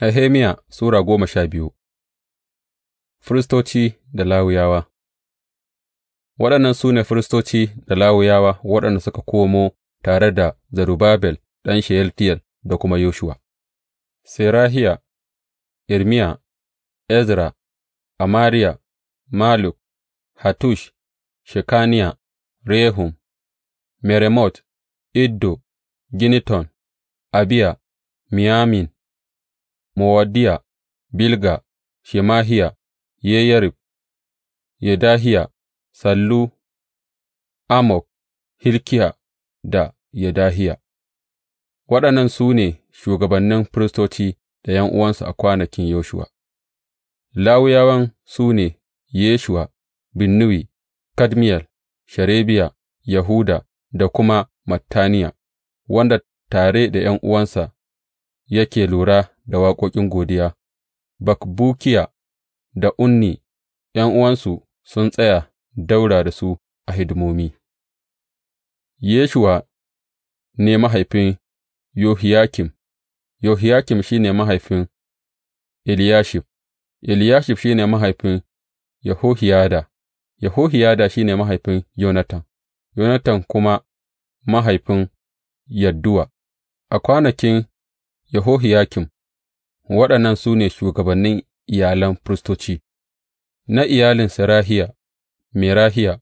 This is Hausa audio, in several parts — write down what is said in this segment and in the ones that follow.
Nehemiya Sura goma sha biyu Firistoci da Lawiyawa Waɗannan su ne firistoci da Lawiyawa waɗanda suka komo tare da Zerubbabel ɗan Sheyaltiyel da kuma Yoshuwa, Serahiya, Irmiya, Ezra, Amariya, Maluk, Hatush, Shekaniya, Rehum, Meremot, Iddo, Giniton, Abiya, Miyamin. Mowadiya, Bilga, Shemahiya, Yeyarib, Yedahiya, Sallu, Amok, Hilkiya da Yedahiya Waɗannan su ne shugabannin firistoci da ’yan'uwansu a kwanakin Yoshuwa, Lawiyawan su ne Yeshuwa, Binnuyi, Kadmiyel, Sherebiya, Yahuda da kuma Mattaniya, wanda tare da ’yan'uwansa yake lura da waƙoƙin godiya, Bakbukiya da Unni, ’yan'uwansu, sun tsaya daura da su a hidimomi, Yeshuwa ne mahaifin Yohiyakim, Yohiyakim shi ne mahaifin Eliyashib, Eliyashib shi ne mahaifin Yahohiyada Yahohiyada shi ne mahaifin Yonatan, Yonatan kuma mahaifin Yadduwa. A kwanakin Yehohiyakim Waɗannan su ne shugabannin iyalan firistoci, na iyalin Serahiya, Merahiya,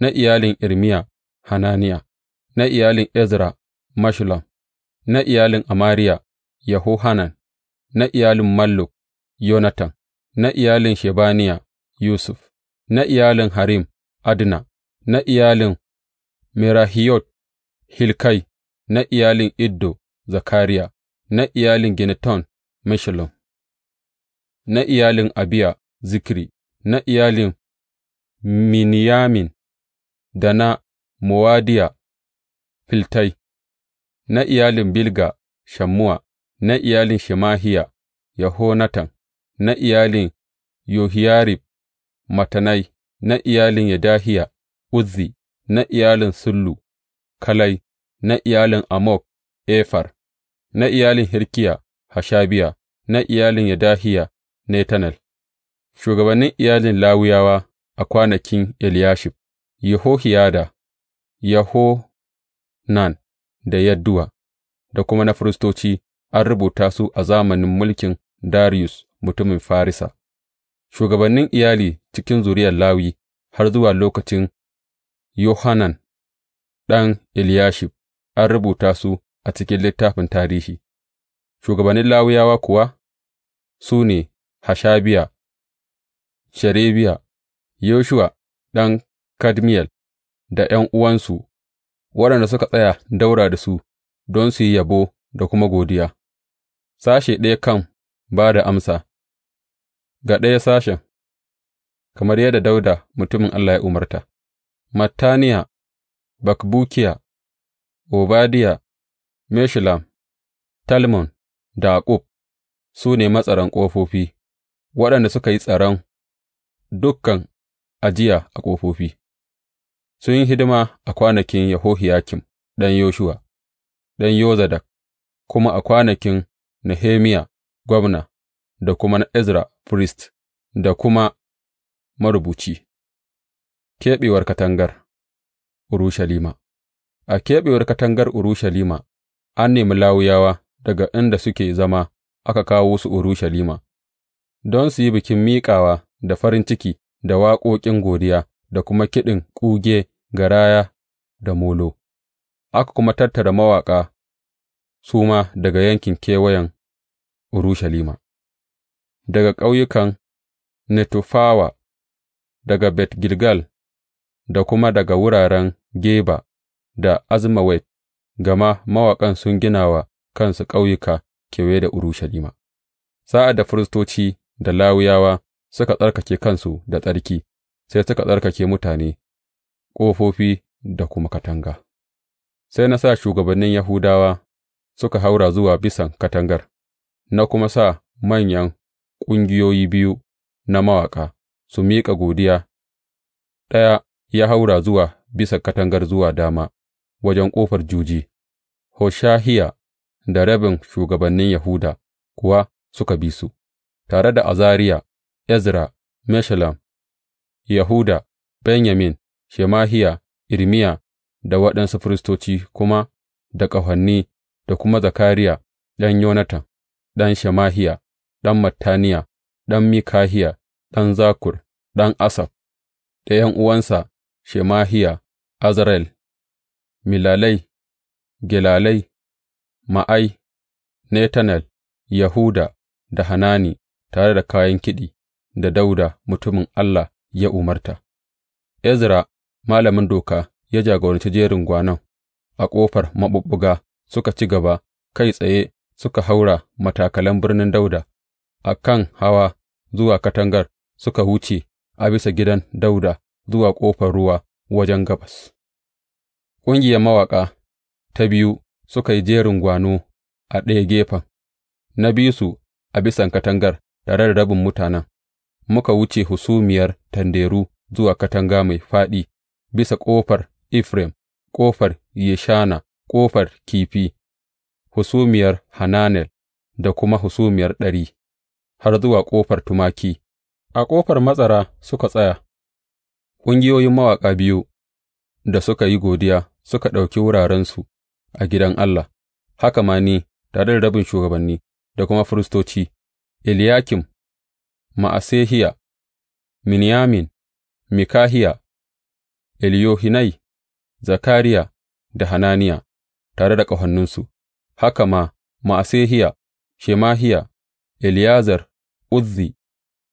na iyalin Irmiya, Hananiya, na iyalin Ezra, Mashulam, na iyalin Amariya, Yehohanan, na iyalin Malluk, Yonatan, na iyalin Shebaniya, Yusuf, na iyalin Harim, Adna, na iyalin Merahiyot, Hilkai, na iyalin Iddo, Zakariya. na iyalin Ginnaton, Meshullam; na iyalin Abiya, Zikri; na iyalin Miniyamin da na Mowadiya, Filtai; na iyalin Bilga, Shammuwa; na iyalin Shemahiya, Yahonatan. na iyalin Yohiyarib, Matanai. na iyalin Yedahiya, Uzzi; na iyalin Sullu Kalai; na iyalin amok Efar. na iyalin Hilkiya, Hashabiya, na iyalin Yadahiya, Netanel, shugabannin iyalin Lawiyawa a kwanakin Eliyashib, Yehohiyada, Yahonan da Yadduwa, da kuma na firistoci an rubuta su a zamanin mulkin Darius mutumin Farisa, shugabannin iyali cikin zuriyar Lawi har zuwa lokacin Yohanan ɗan Eliyashib, an rubuta su a cikin littafin tarihi, shugabannin Lawiyawa kuwa su ne Hashabiya, Sherebiya, Yoshuwa ɗan Kadmiyel da 'yan uwansu. waɗanda suka tsaya daura da su don su yi yabo da kuma godiya, sashe ɗaya kan ba da amsa ga ɗaya sashen, kamar yadda Dauda mutumin Allah ya umarta, Mattaniya, Bakbukiya, Obadiya Meshullam, Talmon da Akub su ne matsaran ƙofofi, waɗanda suka yi tsaron dukan ajiya a ƙofofi, sun yi hidima a kwanakin Yehohiyakim ɗan Yoshuwa, ɗan Yozadak, kuma a kwanakin Nehemiya gwamna, da kuma na Ezra firist, da kuma marubuci. Keɓewar katangar Urushalima A keɓewar katangar Urushalima an nemi Lawiyawa daga inda suke zama aka kawo su Urushalima don su yi bikin miƙawa da farin ciki da waƙoƙin godiya da kuma kiɗin kuge, garaya da molo, aka kuma tattara mawaƙa su ma daga yankin kewayen Urushalima, daga ƙauyukan Netofawa, daga Bet Gilgal da kuma daga wuraren Geba da Azmawet. gama mawaƙan sun gina wa kansu ƙauyuka kewaye da Urushalima. Sa'ad da firistoci da Lawiyawa suka tsarkake kansu da tsarki, sai suka tsarkake mutane, ƙofofi da kuma katanga. Sai na sa shugabannin Yahudawa suka haura zuwa bisan katangar, na kuma sa manyan ƙungiyoyi biyu na mawaƙa su miƙa godiya, ɗaya ya haura zuwa bisan katangar zuwa dama, wajen ƙofar juji, Hoshahiya da rabin shugabannin Yahuda kuwa suka bi su, tare da Azariya, Ezra, Meshullam, Yahuda, Benyamin, Shemahiya, Irmiya da waɗansu firistoci kuma da ƙahonni da kuma Zakariya ɗan Yonatan, ɗan Shemahiya, ɗan Mattaniya, ɗan Mikahiya, ɗan Zakur, ɗan Asaf, da uwansa Shemahiya, Azarel Milalai, Gilalai, Ma'ai, Netanel, Yahuda da Hanani, tare da kayan kiɗi da Dauda mutumin Allah ya umarta, Ezra, malamin doka, ya jagoranci jerin gwanon a ƙofar maɓuɓɓuga suka ci gaba kai tsaye suka haura matakalan birnin Dauda. a kan hawa zuwa katangar suka wuce a bisa gidan Dauda zuwa ƙofar ruwa wajen gabas. ƙungiyar mawaƙa ta biyu suka yi jerin gwano a ɗaya gefen, na bi su a bisan katangar tare da rabin mutanen, muka wuce husumiyar tanderu zuwa katanga mai faɗi bisa ƙofar Efraim, ƙofar Yeshana, ƙofar kifi, husumiyar Hananel da kuma husumiyar ɗari, har zuwa ƙofar tumaki, a ƙofar matsara suka tsaya, ƙungiyoyin mawaƙa biyu da suka yi godiya suka ɗauki wurarensu a gidan Allah, haka ma ni tare da rabin shugabanni da kuma firistoci, Eliyakim, Ma'asehiya, Miniyamin, Mikahiya, Eliyohinai, Zakariya da Hananiya tare da ƙahoninsu, haka ma Ma'asehiya, Shemahiya, Eliyazar, Uzzi,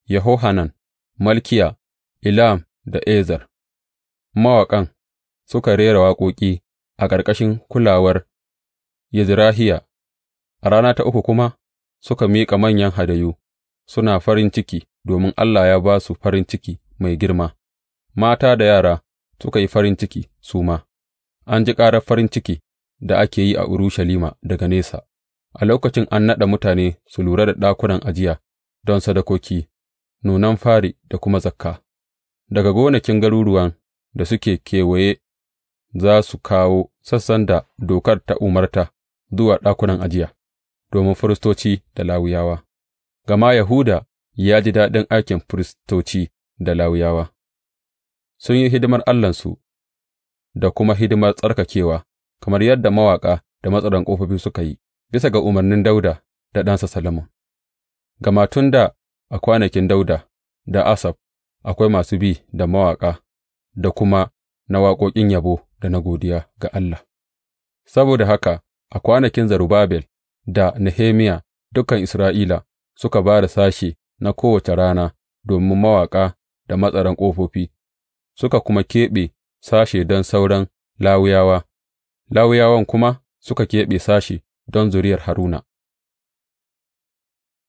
Yehohanan, Malkiya, Ilam da Ezar mawaƙan. suka rera waƙoƙi a ƙarƙashin kulawar Yezrahiya, a rana ta uku kuma suka miƙa manyan hadayu, suna farin ciki domin Allah ya ba su farin ciki mai girma, mata da yara suka yi farin ciki su ma, an ji ƙarar farin ciki da ake yi a Urushalima daga nesa, a lokacin an naɗa mutane su lura da ɗakunan ajiya don sadakoki, nunan fari da kuma zakka, daga gonakin garuruwan da suke kewaye za su kawo sassan da dokar ta umarta zuwa ɗakunan ajiya domin firistoci da Lawiyawa, gama Yahuda ya ji daɗin aikin firistoci da Lawiyawa, sun yi hidimar Allahnsu da kuma hidimar tsarkakewa, kamar yadda mawaƙa da matsaran ƙofofi suka yi, bisa ga umarnin Dauda da ɗansa Salamun. Gama tun da a kwanakin Dauda da Asaf akwai masu bi da mawaƙa da kuma na waƙoƙin yabo da na godiya ga Allah. Saboda haka a kwanakin Zerubabel da Nehemiya dukan Isra'ila suka ba da sashe na kowace rana domin mawaƙa da matsaran ƙofofi, suka kuma keɓe sashe don sauran lawuyawa, lawuyawan kuma suka keɓe sashe don zuriyar Haruna.